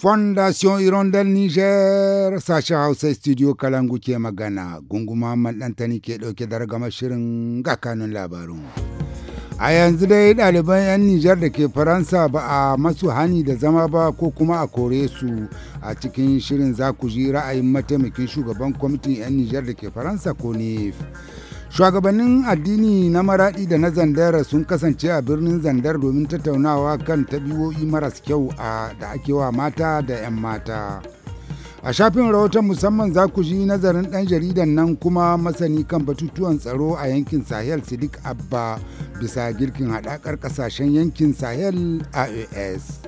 Fondation Irondel Niger sashen Hausa Studio Kalangu ke magana Muhammad Dantani ke ɗauke da ragama shirin ga kanun labarun. A yanzu dai ɗaliban 'yan Nijar da ke Faransa ba a masu hani da zama ba ko kuma a kore su a cikin shirin za ku ji ra'ayin mataimakin shugaban kwamitin 'yan Nijar da ke Faransa ko ne. Shugabannin addini na Maraɗi da na Zandar sun kasance a birnin Zandar domin tattaunawa kan tabiwoyi maras kyau a da ake wa mata da 'yan mata. A shafin rahoton musamman za ku ji nazarin ɗan jaridan nan kuma masani kan batutuwan tsaro a yankin Sahel Sidik Abba bisa girkin haɗakar ƙasashen yankin Sahel AAS.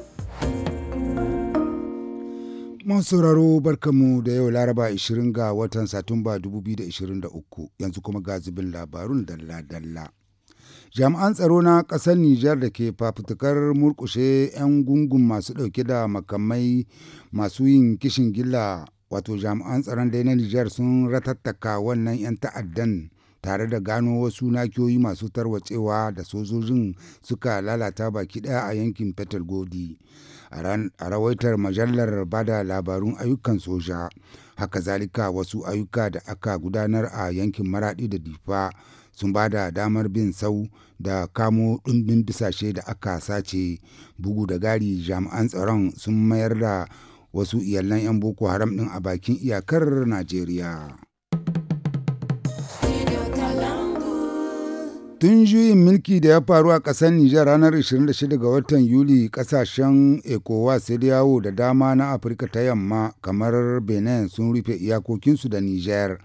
Man sauraro da yau Laraba 20 ga watan Satumba 2023 yanzu kuma ga zubin labarun dalla-dalla. Jami'an tsaro na ƙasar Nijar da ke fafutukar murƙushe 'yan gungun masu ɗauke da makamai masu yin kishin gilla wato jami'an tsaron da na Nijar sun ratattaka wannan 'yan ta'addan tare da gano wasu nakiyoyi masu tarwacewa da sojojin suka lalata baki ɗaya a yankin Fetal Godi. a rawaitar majallar bada labarun ayyukan soja haka zalika wasu ayyuka da aka gudanar a yankin maradi da difa sun ba da damar bin sau da kamo ɗumbin bisashe da aka sace bugu da gari jami'an tsaron sun mayar da wasu iyalan 'yan boko haram ɗin a bakin iyakar najeriya Tun juyin mulki da ya faru a ƙasar Nijar ranar 26 ga watan Yuli ƙasashen ECOWAS da yawo da dama na Afirka ta yamma kamar Benin sun rufe iyakokinsu da Nijar.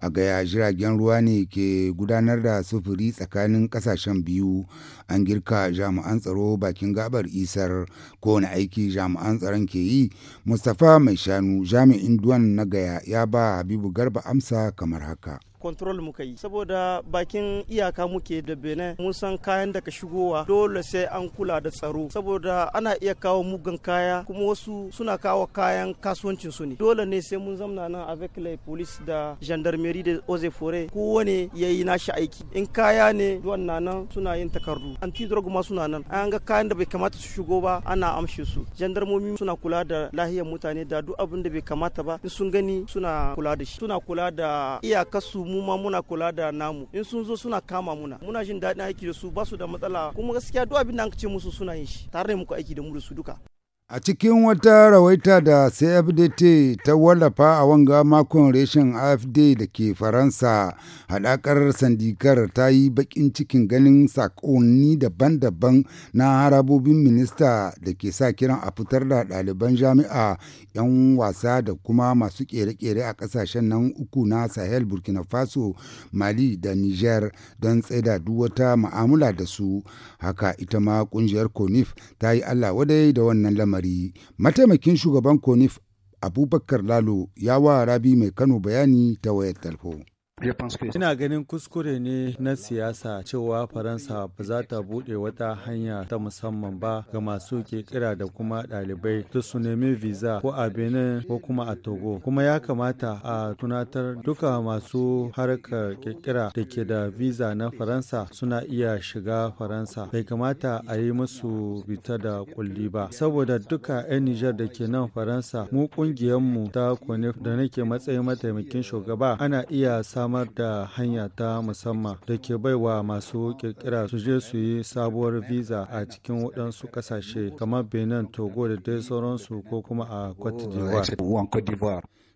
A gaya jiragen ruwa ne ke gudanar da sufuri tsakanin ƙasashen biyu an girka jami'an tsaro bakin gabar isar kowane aiki jami'an tsaron ke yi mustapha mai shanu jami'in duwan na gaya ya ba habibu garba amsa kamar haka control muka yi saboda bakin iyaka muke da benin mun san kayan daga shigowa dole sai an kula da tsaro saboda ana iya kawo mugan kaya kuma wasu suna kawo kayan kasuwancin su ne dole ne sai mun zamna nan a vekle police da gendarmerie da ozefore et forêt kowane yayi nashi aiki in kaya ne wannan nan suna yin takardu anti drug ma suna nan an ga kayan da bai kamata su shigo ba ana amshe su jandarmomi suna kula da lahiyar mutane da duk abin da bai kamata ba in sun gani suna kula da shi suna kula da su mu ma muna kula da namu in sun zo suna kama muna muna jin daɗin aiki da su ba su da matsala kuma gaskiya duk abin da an ce musu suna yin shi tare da muku aiki da mu da su duka A cikin wata rawaita da CFDT ta wallafa a wanga makon reshen AFD da ke Faransa, haɗakar sandikar ta yi baƙin cikin ganin saƙonni daban-daban na harabobin minista da ke sa kiran a fitar da ɗaliban jami'a 'yan wasa da kuma masu ƙere-ƙere a ƙasashen nan uku na Sahel, Burkina Faso, Mali da Niger don tsaida duk wata ma'amula da su. Haka ita ma ƙungiyar CONIF ta yi Allah wadai da wannan lamarin. al'amari mataimakin shugaban konif abubakar lalo ya wa rabi mai kano bayani ta wayar talfo. Ina ganin kuskure ne na siyasa cewa Faransa ba za ta buɗe wata hanya ta musamman ba ga masu ƙirƙira da kuma ɗalibai da su nemi visa ko a Benin ko kuma a Togo. Kuma ya kamata a tunatar duka masu harkar ƙirƙira da ke da visa na Faransa suna iya shiga Faransa. Bai kamata a yi musu bita da kulli ba. Saboda duka 'yan Nijar da ke nan Faransa mu ƙungiyarmu ta kone da nake matsayin mataimakin shugaba ana iya samun samar da hanya ta musamman da ke baiwa masu kirkira su je su yi sabuwar visa a cikin waɗansu ƙasashe kamar benin togo da dai sauransu ko kuma a cote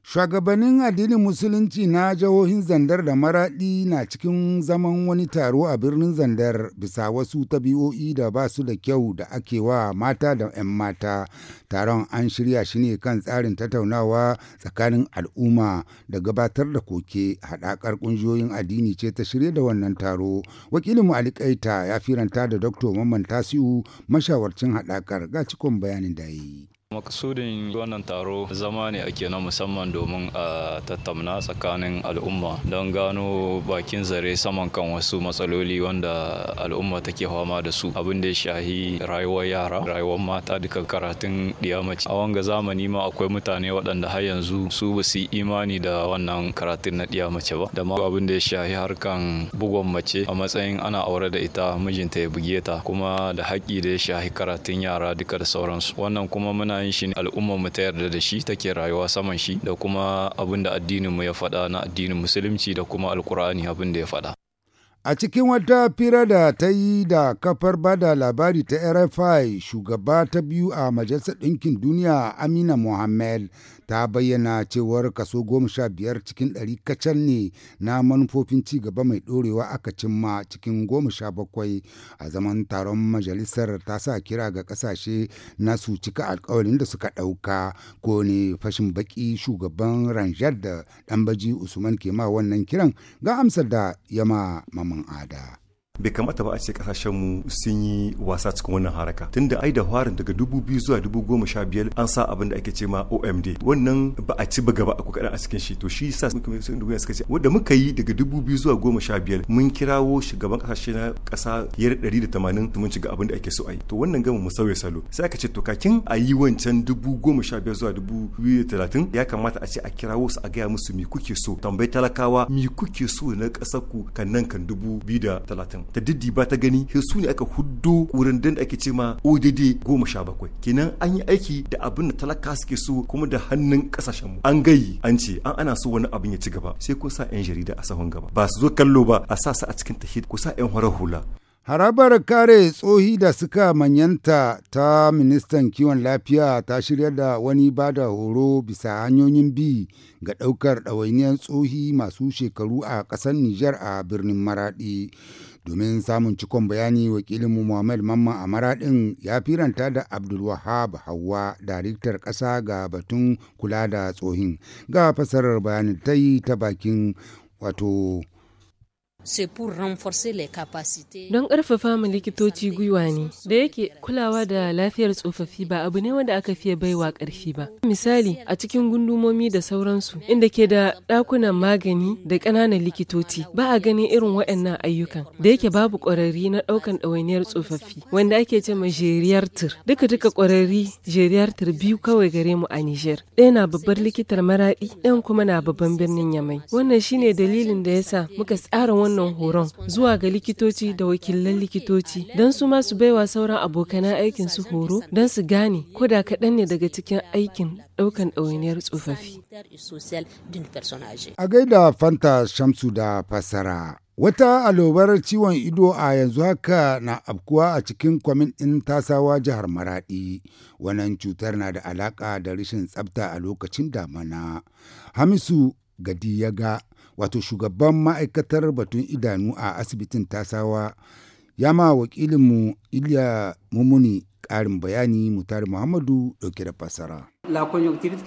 Shugabannin addinin Musulunci na jihohin Zandar da Maraɗi na cikin zaman wani taro a birnin Zandar bisa wasu tabi'o'i da ba su da kyau da ake wa mata da 'yan mata. Taron an shirya shi ne kan tsarin tattaunawa tsakanin al'umma da gabatar da koke haɗakar ƙungiyoyin addini ce ta shirya da wannan taro. Wakilin mu ya firanta da Dr. Mamman Tasiu mashawarcin haɗakar ga cikon bayanin da yi. makasudin wannan taro zama ne ake na musamman domin a tattauna tsakanin al'umma don gano bakin zare saman kan wasu matsaloli wanda al'umma take fama da su abin da ya shahi rayuwar yara rayuwar mata duka karatun diyamaci a wanga zamani ma akwai mutane waɗanda har yanzu su ba su imani da wannan karatun na diyamace ba da ma abin da ya shahi harkan bugon mace a matsayin ana aure da ita mijinta ya buge kuma da haƙƙi da ya shahi karatun yara duka da sauransu wannan kuma muna bayan shi al'ummar mu ta yarda da shi take rayuwa saman shi da kuma abin da addinin mu ya faɗa na addinin musulunci da kuma alkur'ani abin da ya faɗa A cikin wata fira da ta yi da kafar bada labari ta RFI shugaba ta biyu a Majalisar Ɗinkin Duniya Amina Mohammed ta bayyana cewar kaso goma sha biyar cikin ɗari kacal ne na manufofin ci gaba mai ɗorewa aka cimma cikin goma sha bakwai a zaman taron majalisar ta sa kira ga ƙasashe na su cika alkawarin da suka ɗauka ko ne fashin baƙi shugaban ranjar da ɗanbaji usman ke ma wannan kiran ga amsar da yama mama un ada bai kamata ba a ce kasashen mu sun yi wasa cikin wannan haraka tunda ai da harin daga dubu biyu zuwa dubu goma sha biyar an sa abin da ake ce ma OMD wannan ba a ci ba gaba a kokarin a cikin shi to shi yasa muka sun duniya suka ce wanda muka yi daga dubu biyu zuwa goma sha biyar mun kirawo shugaban kasashe na kasa yar ɗari da tamanin mun ci ga abin da ake so a yi to wannan gama mu sauya salo sai aka ce to kakin a yi wancan dubu goma sha biyar zuwa dubu biyu da talatin ya kamata a ce a kirawo su a gaya musu me kuke so tambayi talakawa me kuke so na kasar ku kan nan kan dubu biyu da talatin ta ba ta gani sai su ne aka huddo wurin da ake ce ma ODD goma sha bakwai kenan an yi aiki da abin da talaka suke so kuma da hannun kasashen mu an gayi an ce an ana so wani abin ya ci gaba sai ko sa 'yan jarida a sahun gaba ba su zo kallo ba a sa su a cikin tahid ko sa 'yan horar hula Harabar kare tsohi da suka manyanta ta ministan kiwon lafiya ta shirya da wani ba da horo bisa hanyoyin bi ga ɗaukar ɗawainiyar tsohi masu shekaru a ƙasar Nijar a birnin Maraɗi. Domin samun cikon bayani wakilinmu Muhammad Mamman a maraɗin ya firanta da Abdulwahab Hauwa, daraktar ƙasa ga batun kula da tsohin. Ga fasarar bayanin ta yi ta bakin wato Don ƙarfafa ma likitoci gwiwa ne, da yake kulawa da lafiyar tsofaffi ba abu ne wanda aka fiye baiwa ƙarfi ba. Misali, a cikin gundumomi da sauransu, inda ke da ɗakunan magani da ƙananan likitoci, ba a ganin irin waɗannan ayyukan, da yake babu ƙwararri na ɗaukan ɗawainiyar tsofaffi, wanda ake ce ma jeriyartir. Duka duka ƙwararri jeriyartir biyu kawai gare mu a Nijar. Ɗaya na babbar likitar maraɗi, ɗayan kuma na babban birnin Yamai. Wannan shine dalilin da yasa muka tsara wani wannan horon zuwa ga likitoci da wakilan likitoci don su ma su baiwa sauran abokanan aikin su horo don su gane ko da kaɗan ne daga cikin aikin ɗaukan ɗawainiyar tsofaffi. A gaida Fanta Shamsu da fassara. Wata alobar ciwon ido a yanzu haka na afkuwa a cikin kwamin ɗin tasawa jihar Maraɗi. Wannan cutar na da alaka da rashin tsafta a lokacin damana. Hamisu Gadi ya ga wato shugaban ma'aikatar batun idanu a asibitin tasawa ya ma wakilinmu iliya mumuni ƙarin bayani mutari muhammadu dauke da fassara.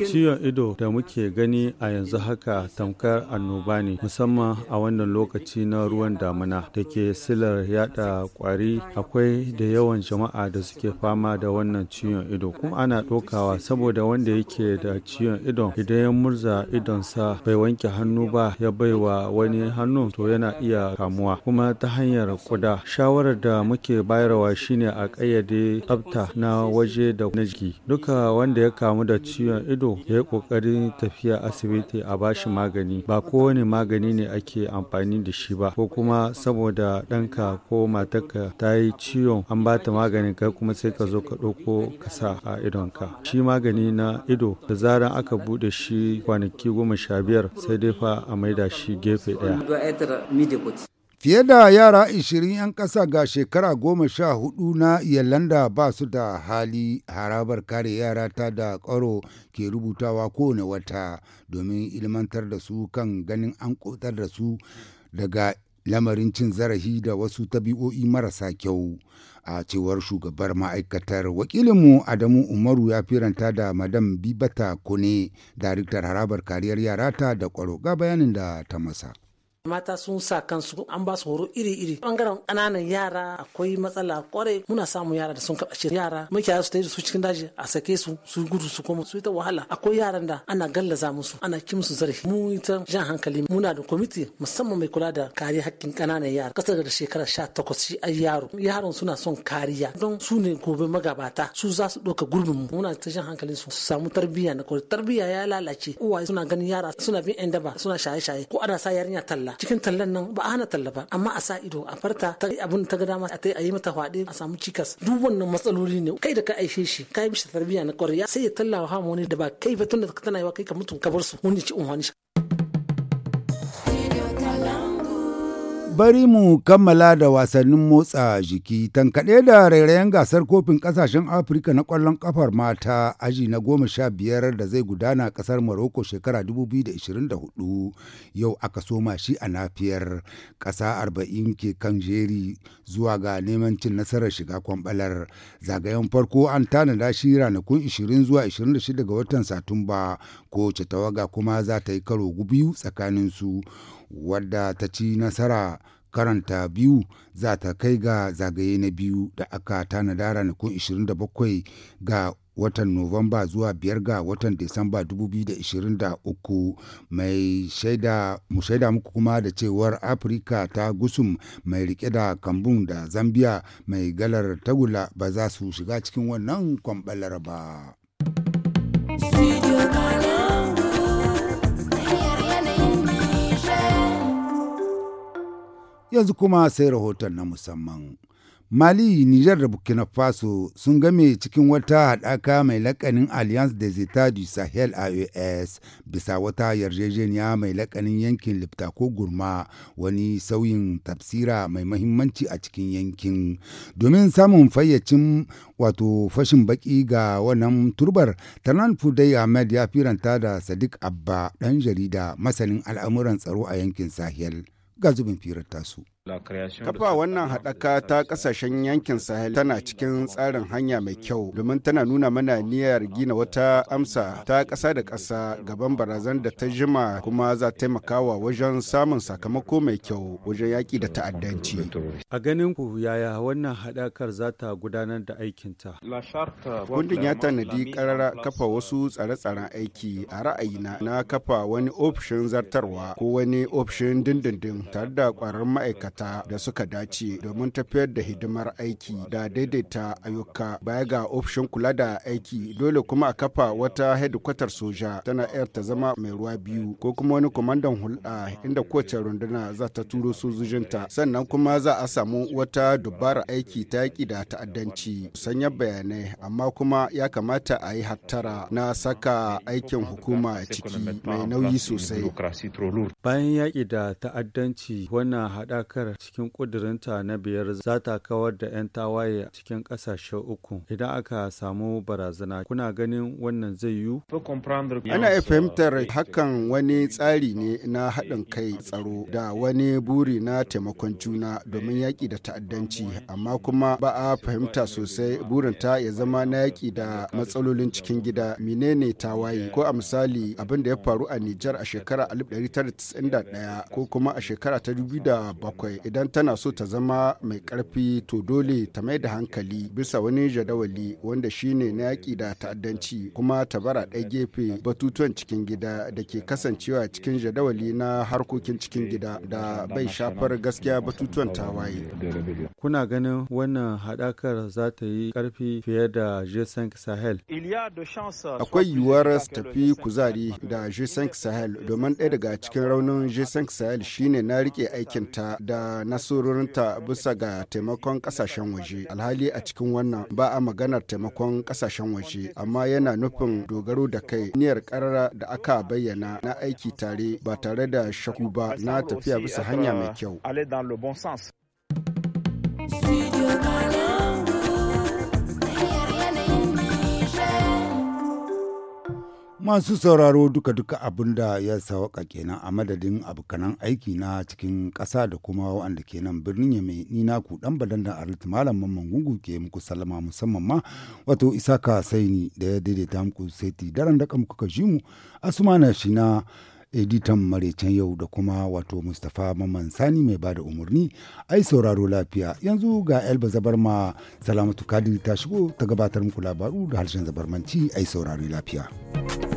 Ciwon ido da muke gani a yanzu haka tamkar annoba ne musamman a wannan lokaci na ruwan damuna da ke silar yada kwari akwai da yawan jama'a da suke fama da wannan ciwon ido kuma ana ɗaukawa saboda wanda yake da ciwon idon idan ya murza idonsa bai wanke hannu ba ya baiwa wani hannu to yana iya kamuwa kuma ta hanyar kuda shawarar da muke bayarwa shine a ƙayyade tsafta na waje da na jiki duka wanda ya kamu da ciwon ido ya yi kokarin tafiya asibiti a bashi magani ba kowane magani ne ake amfani da shi ba ko kuma saboda ɗanka ko matarka ta yi ciwon an ba ta maganin kai kuma sai ka zo ka ɗauko ka sa a idonka shi magani na ido da zaran aka buɗe shi kwanaki goma sha biyar sai dai fa a maida shi gefe ɗaya Fiye da yara 20 'yan ƙasa ga shekara goma sha hudu na Yalanda ba su da hali harabar kare yara ta da kwaro ke rubutawa kowane wata domin ilmantar da su kan ganin an kotar da su daga lamarin cin zarafi da wasu tabi'o'i marasa kyau a cewar shugabar ma'aikatar wakilinmu adamu umaru ya firanta da madam bibata kone daraktar harabar kariyar yara ta da ƙwaro ga bayanin da ta masa mata sun sa kansu an ba su horo iri-iri bangaren kananan yara akwai matsala kwarai muna samun yara da sun kaɓace yara makiyaya su ta yi su cikin daji a sake su su gudu su koma su ta wahala akwai yaran da ana gallaza musu ana ki musu zarafi mu ita jan hankali muna da kwamiti musamman mai kula da kare hakkin kananan yara Kasa da shekara sha takwas shi ai yaro yaron suna son kariya don su ne gobe magabata su za su ɗauka gurbin mu muna ta jan hankali su samu tarbiyya na kwarai tarbiyya ya lalace uwaye suna ganin yara suna bin yan daba suna shaye-shaye ko ana sa yarinya talla talla cikin tallan nan ba hana talla ba amma a sa ido a farta ta abin ta ga dama a yi mata hwaɗe a samu cikas duk wannan matsaloli ne kai da ka aishe shi ka yi mishi tarbiyya na ƙwarya sai ya talla wa wani da ba kai ba tun da tana yi wa kai ka mutum ka bar su wani ci unhwani shi. bari mu kammala da wasannin motsa jiki tankaɗe da rairayen gasar kofin ƙasashen afirka na ƙwallon ƙafar mata aji na goma sha biyar da zai gudana ƙasar morocco shekara 2024 yau aka soma shi a nafiyar ƙasa arba'in ke kan jeri zuwa ga neman cin nasarar shiga kwamɓalar zagayen farko an tanada shi ranakun 20 zuwa 26 ga watan satumba kowace tawaga kuma za ta yi karo biyu tsakaninsu wadda ta ci nasara karanta biyu za ta kai ga zagaye na biyu da aka tanada ranakun 27 ga watan Nuwamba zuwa biyar ga watan Disamba 2023 mai shaida mu muku kuma da cewar Afirka ta gusum mai rike da Kambun da Zambia mai galar tagula ba za su shiga cikin wannan kwambalar ba. yanzu kuma sai rahoton na musamman. Mali, Nijar da Burkina Faso sun game cikin wata haɗaka mai lakanin Alliance des Etats du Sahel AES bisa wata yarjejeniya mai lakanin yankin Lipta ko Gurma wani sauyin tafsira mai mahimmanci a cikin yankin. Domin samun fayyacin wato fashin baki ga wannan turbar, Tanan Fudai Ahmed ya firanta da Sadiq Abba ɗan jarida masanin al'amuran tsaro a yankin Sahel. ga zubin firar tasu. Kafa wannan haɗaka ta ƙasashen yankin Sahel tana cikin tsarin hanya mai kyau domin tana nuna mana niyyar gina wata amsa ta ƙasa da ƙasa gaban barazan da ta jima kuma za taimakawa wajen samun sakamako mai kyau wajen yaƙi da ta'addanci. A ganin ku yaya wannan haɗakar za ta gudanar da aikinta? Kundin ya tanadi ƙarara kafa wasu tsare-tsaren aiki a ra'ayina na kafa wani ofishin zartarwa ko wani ofishin dindindin tare da ƙwararrun ma'aikata da suka dace domin tafiyar da hidimar aiki da daidaita ayyuka baya ga ofishin kula da aiki dole kuma a kafa wata hedikwatar soja tana yar ta zama mai ruwa biyu ko kuma wani kwamandan hulɗa inda kowace runduna za ta turo sojojinta sannan kuma za a samu wata dubara aiki ta yaƙi da ta'addanci sanya bayanai amma kuma ya kamata a yi hattara na saka aikin hukuma a ciki mai nauyi sosai bayan yaƙi da ta'addanci wannan haɗakar cikin ƙudurinta na biyar za ta kawar da 'yan tawaye cikin ƙasashe uku idan aka samu barazana kuna ganin wannan zai yiwu ana fahimtar hakan wani tsari ne na haɗin kai tsaro da wani buri na taimakon juna domin yaƙi da ta'addanci amma kuma ba a fahimta sosai burinta ya zama na yaƙi da matsalolin cikin gida menene tawaye ko a misali abin da ya faru a Nijar a shekara 1991 ko kuma a shekara ta 2007 idan tana so ta zama mai ƙarfi to dole ta mai da hankali bisa wani jadawali wanda shine na yaƙi da ta'addanci kuma ta bara ɗaya gefe batutuwan cikin gida da ke kasancewa cikin jadawali na harkokin cikin gida da bai shafar gaskiya batutuwan tawaye. Kuna ganin wannan haɗakar za ta yi ƙarfi fiye da g Sahel? Akwai yiwuwar tafi kuzari da g Sahel domin ɗaya daga cikin raunin g Sahel shine na riƙe aikinta da nasarorinta bisa ga taimakon kasashen waje alhali a cikin wannan ba a maganar taimakon kasashen waje amma yana nufin dogaro da kai niyyar karara da aka bayyana na aiki tare ba tare da shaku ba na tafiya bisa hanya mai kyau Masu sauraro duka-duka abin da ya sawaka kenan a madadin abokanan aiki na cikin ƙasa da kuma wanda ke nan birnin Yame ni na ku dan badan da Arlit Malam Mamman Gungu ke muku salama musamman ma wato Isaka Saini da ya daidaita muku seti daren da kuka ji mu Asumana shi na editan marecen yau da kuma wato Mustapha Mamman Sani mai bada umarni ai sauraro lafiya yanzu ga Elba Zabarma Salamatu Kadiri ta shigo ta gabatar muku labaru da harshen zabarmanci ai sauraro lafiya.